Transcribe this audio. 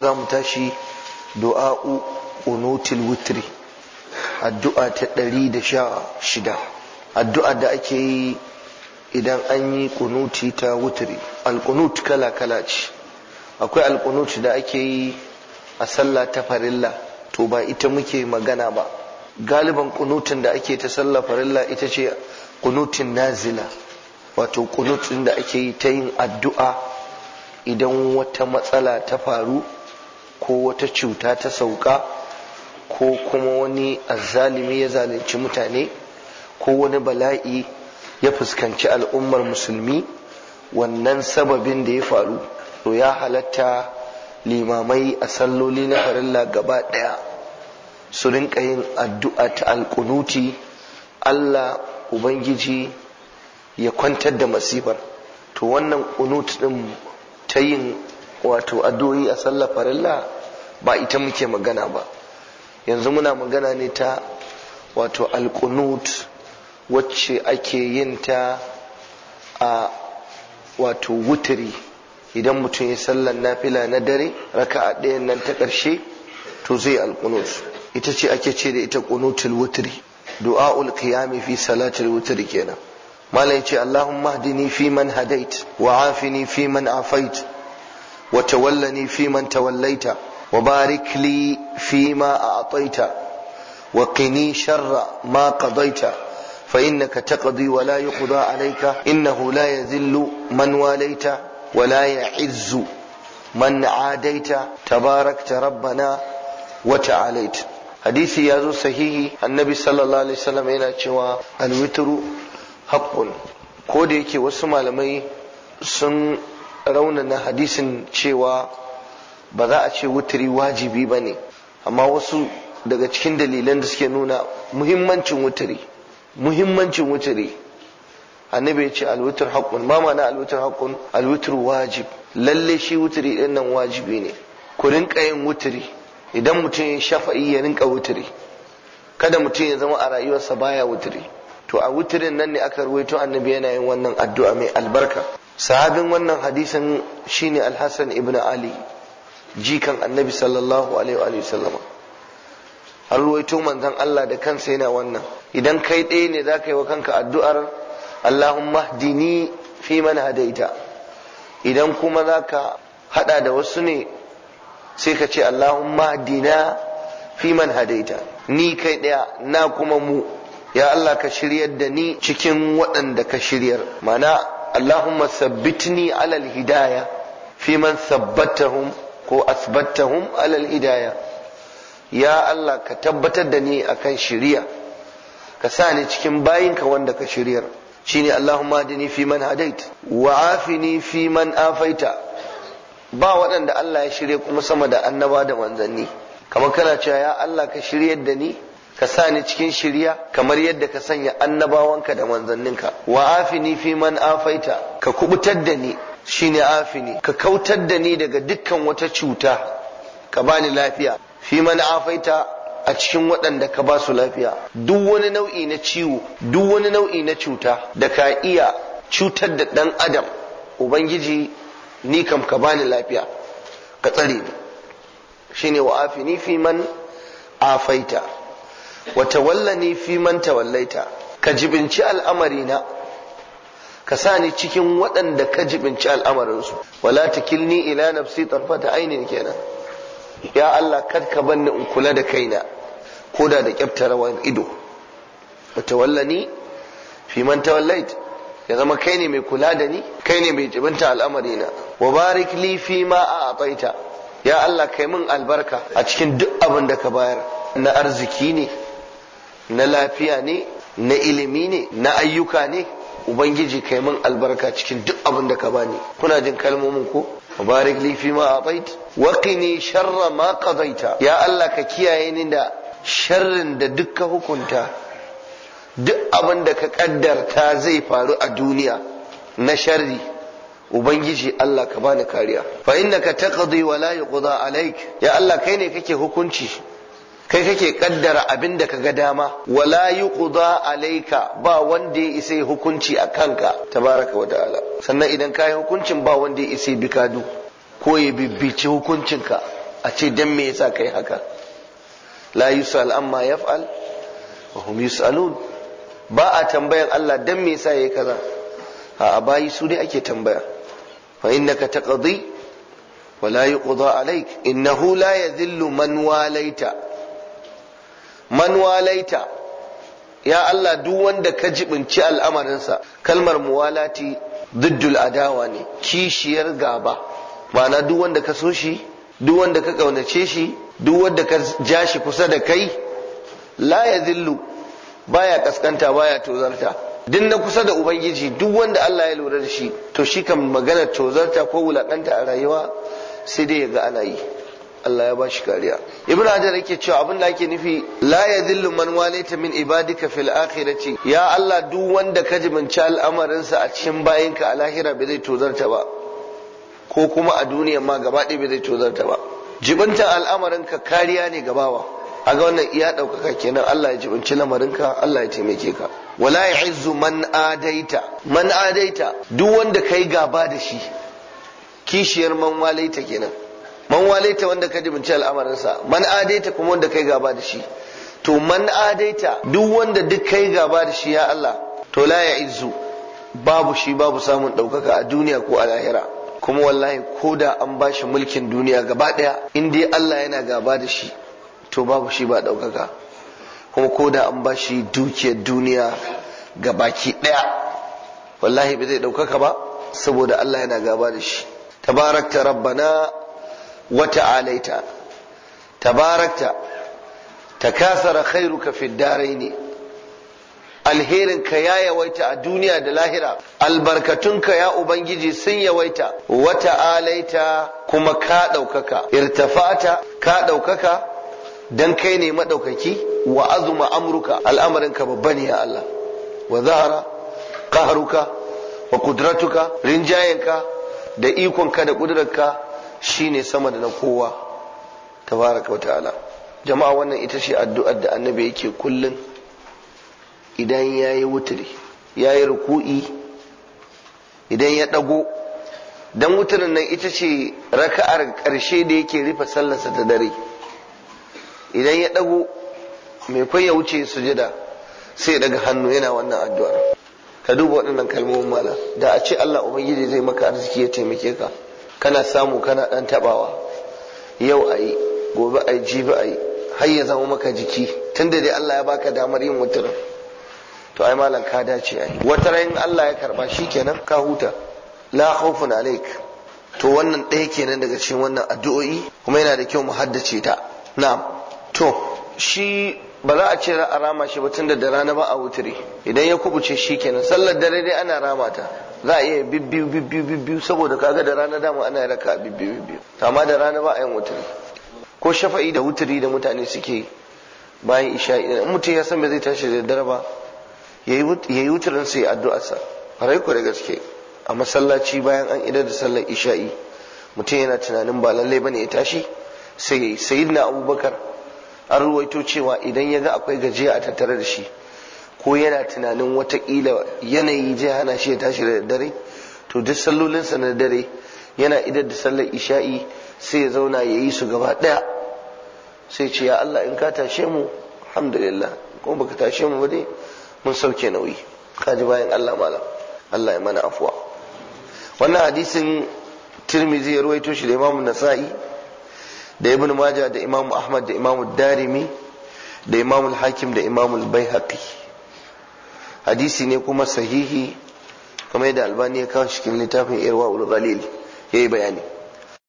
za mu tashi du'a'u unutil witri addu'a ta ɗari da sha shida addu'a da ake yi idan an yi kunuti ta wutri alkunut kala kala ce akwai alkunut da ake yi a sallah ta farilla to ba ita muke magana ba galiban kunutin da ake ta sallah farilla ita ce kunutin nazila wato kunutin da ake yi ta yin addu'a idan wata matsala ta faru ko wata cuta ta sauka ko kuma wani azalimi ya zalunci mutane ko wani bala'i ya fuskanci al'ummar musulmi wannan sababin da ya faru to ya halatta limamai a salloli na farilla gaba ɗaya su rinka yin addu'a ta alƙunuti Allah Ubangiji ya kwantar da masifar to wannan ƙunut ɗin ta yin wato addu'o'i a sallar farilla ba ita muke magana ba yanzu muna magana ne ta wato alkunut wacce ake yin ta a wato wutiri idan mutum ya sallar nafila na dare raka'a ɗayan nan ta ƙarshe to zai alkunut ita ce ake ce da ita kunutul wutiri du'a'ul qiyami fi salatul wutiri kenan malai ce allahumma hadini fi man hadait wa afini fi man afait وتولني فيمن توليت وبارك لي فيما أعطيت وقني شر ما قضيت فإنك تقضي ولا يقضى عليك إنه لا يذل من واليت ولا يعز من عاديت تباركت ربنا وتعاليت حديثي يازو صحيح النبي صلى الله عليه وسلم إلى cewa الوتر حق ko da yake wasu malamai sun raunana hadisin cewa ba za a ce wuturi wajibi ba ne amma wasu daga cikin dalilan da suke nuna muhimmancin wuturi muhimmancin wuturi annabi ya ce alwutur haƙun ma na alwutur haƙun alwutur wajib lalle shi wuturi ɗin nan wajibi ne ku rinka yin wuturi idan mutum ya shafa'i ya rinka wuturi kada mutum ya zama a rayuwarsa baya wuturi to a wuturin nan ne aka ruwaito annabi yana yin wannan addu'a mai albarka sahabin wannan hadisin shine al-hasan ibn ali jikan annabi sallallahu alaihi wa sallama har ruwaito manzon Allah da kansa yana wannan idan kai ɗaya ne za ka yi wa kanka addu'ar Allahumma hdini fi man hadaita idan kuma za ka hada da wasu ne sai ka ce Allahumma hdina fi man hadaita ni kai ɗaya na kuma mu ya Allah ka shiryar da ni cikin waɗanda ka shiryar mana Allahumma sabbitni alal hidaya fi man sabbatahum ko asbattahum alal hidaya ya Allah ka tabbatar da ni akan shiriya ka sa ni cikin bayinka wanda ka shiryar shine Allahumma hadini fi man hadait wa afini fi afaita ba waɗanda Allah ya shirya kuma sama da annaba da manzanni kamar kana cewa ya Allah ka shiryar da ni ka sa ni cikin shirya kamar yadda ka sanya annabawanka da manzanninka wa afini fi man afaita ka kubutar da ni shine afini ka kautar da ni daga dukkan wata cuta ka bani lafiya fi man afaita a cikin waɗanda ka ba su lafiya duk wani nau'i na ciwo duk wani nau'i na cuta da ka iya cutar da ɗan adam ubangiji ni kam ka bani lafiya ka tsare ni shine wa afini fi man afaita wa tawallani fi man tawallaita ka jibinci al'amari ka sa cikin waɗanda ka jibinci al'amarinsu wala takilni ila nafsi tarfata ainin kenan ya Allah kar ka banni in kula da kaina koda da kyaftarawar ido wa tawallani fi man tawallait ya zama kai ne mai kula da ni kai ne mai jibinta al'amari na wa barik li fi ma a'taita ya Allah kai min albarka a cikin duk abin da ka bayar na arziki ne na lafiya ne na ilimi ne na ayyuka ne ubangiji kai min albarka cikin duk abin da ka bani kuna jin kalmomin ko mubarak li fi ma abait wa qini sharra ma qadaita ya Allah ka kiyaye ni da sharrin da dukka hukunta duk abin da ka kaddarta zai faru a duniya na sharri ubangiji Allah ka bani kariya fa innaka taqdi wa la yuqda alayk ya Allah kai ne kake hukunci kai kake kaddara abin da kaga dama wala yuqda alayka ba wanda ya isa hukunci a kanka tabaraka wa ta'ala sannan idan kai hukuncin ba wanda ya isa bikadu ko ya bibbici hukuncinka a ce dan me yasa kai haka la yusal amma yaf'al wa hum yusalun ba a tambayan Allah dan me yasa yayi kaza a bayi su ne ake tambaya fa innaka taqdi wala yuqda alayk innahu la yadhillu man walaita man walaita ya Allah duk wanda ka jibinci al'amarinsa kalmar muwalati diddul adawa ne kishiyar gaba ma'ana duk wanda ka so shi duk wanda ka kaunace shi duk wanda ka ja shi kusa da kai la ya zillu baya kaskanta baya tozarta din na kusa da ubangiji duk wanda Allah ya lura da shi to shi kan magana tozarta ko wulakanta a rayuwa sai dai ya ga ana yi Allah ya bashi kariya ibnu hajar yake cewa abin da ake nufi la yadhillu man walita min ibadika fil akhirati ya Allah duk wanda ka jibinci sa a cikin bayinka a lahira bai zai tozarta ba ko kuma a duniya ma gaba ɗaya bai zai tozarta ba jibinta al'amarin ka kariya ne gabawa a ga wannan iya ɗaukaka kenan Allah ya jibinci ka. Allah ya taimake ka wala ya'izzu man adaita man adaita duk wanda kai gaba da shi kishiyar man walaita kenan man walaita wanda ka ji jibinci al'amarinsa man adaita kuma wanda kai gaba da shi to man adaita duk wanda duk kai gaba da shi ya Allah to la ya izu babu shi babu samun ɗaukaka a duniya ko a lahira kuma wallahi ko da an ba shi mulkin duniya gaba ɗaya in dai Allah yana gaba da shi to babu shi ba ɗaukaka kuma ko da an ba shi dukiyar duniya ga baki ɗaya wallahi ba zai ɗaukaka ba saboda Allah yana gaba da shi tabarakta rabbana وتعاليت تباركت تكاثر خيرك في الدارين ka ya yawaita a duniya da lahira Albarkatun ka ya ubangiji sun yawaita wata alaita kuma ka ɗaukaka irtafata ka ɗaukaka don kai ne maɗaukaki wa azuma amruka al'amarinka babba ne ya Allah wa zahara ƙaharuka wa kudratuka rinjayenka da ikonka da kudurarka shine sama da na kowa tabaraka wa ta'ala jama'a wannan ita ce addu'ar da annabi yake kullun idan ya yi wuturi ya yi ruku'i idan ya ɗago don wuturin nan ita ce raka'ar ƙarshe da yake rufe sallarsa ta dare idan ya ɗago mai kwai ya wuce jida sai daga hannu yana wannan addu'ar ka duba waɗannan kalmomin mala da a ce allah ubangiji zai maka arziki ya taimake ka kana samu kana dan tabawa yau ayi gobe ayi jibi ayi har ya zama maka jiki tunda dai Allah ya baka damar yin mutum to ai malam ka dace ai wata rayin Allah ya karba kenan ka huta la khawfun alaik to wannan ɗaya kenan daga cikin wannan addu'o'i kuma yana da kyau mu haddace ta na'am to shi ba za a ce za a rama shi ba tunda da rana ba a wutare. idan ya kubuce shi kenan sallar dare dai ana rama ta za a iya bibbiyu bibbiyu bibbiyu saboda kaga da rana dama ana raka bibbiyu bibbiyu amma da rana ba a yin wutare. ko shafa'i da wutare da mutane suke bayan isha'i Idan mutum ya san ba zai tashi da dare ba yayi wuturin sai addu'arsa farai ku da gaske a masallaci bayan an idar da sallar isha'i mutum yana tunanin ba lallai bane ya tashi sai sayyidina abubakar an ruwaito cewa idan ya ga akwai gajiya a tattare da shi ko yana tunanin watakila yanayi zai hana shi ya tashi da dare to duk sallolinsa na dare yana idar da sallar isha'i sai ya zauna ya yi su gaba ɗaya sai ce ya Allah in ka tashe mu alhamdulillah ko baka tashe mu ba mun sauke nauyi ka ji bayan Allah malam Allah ya mana afuwa wannan hadisin tirmizi ya ruwaito shi da imamu nasa'i da ibn majah da imamu ahmad da imamu darimi da imamu hakim da imamu bayhaqi hadisi ne kuma sahihi kuma yadda albani ya kawo cikin littafin irwa ul ghalil yayi bayani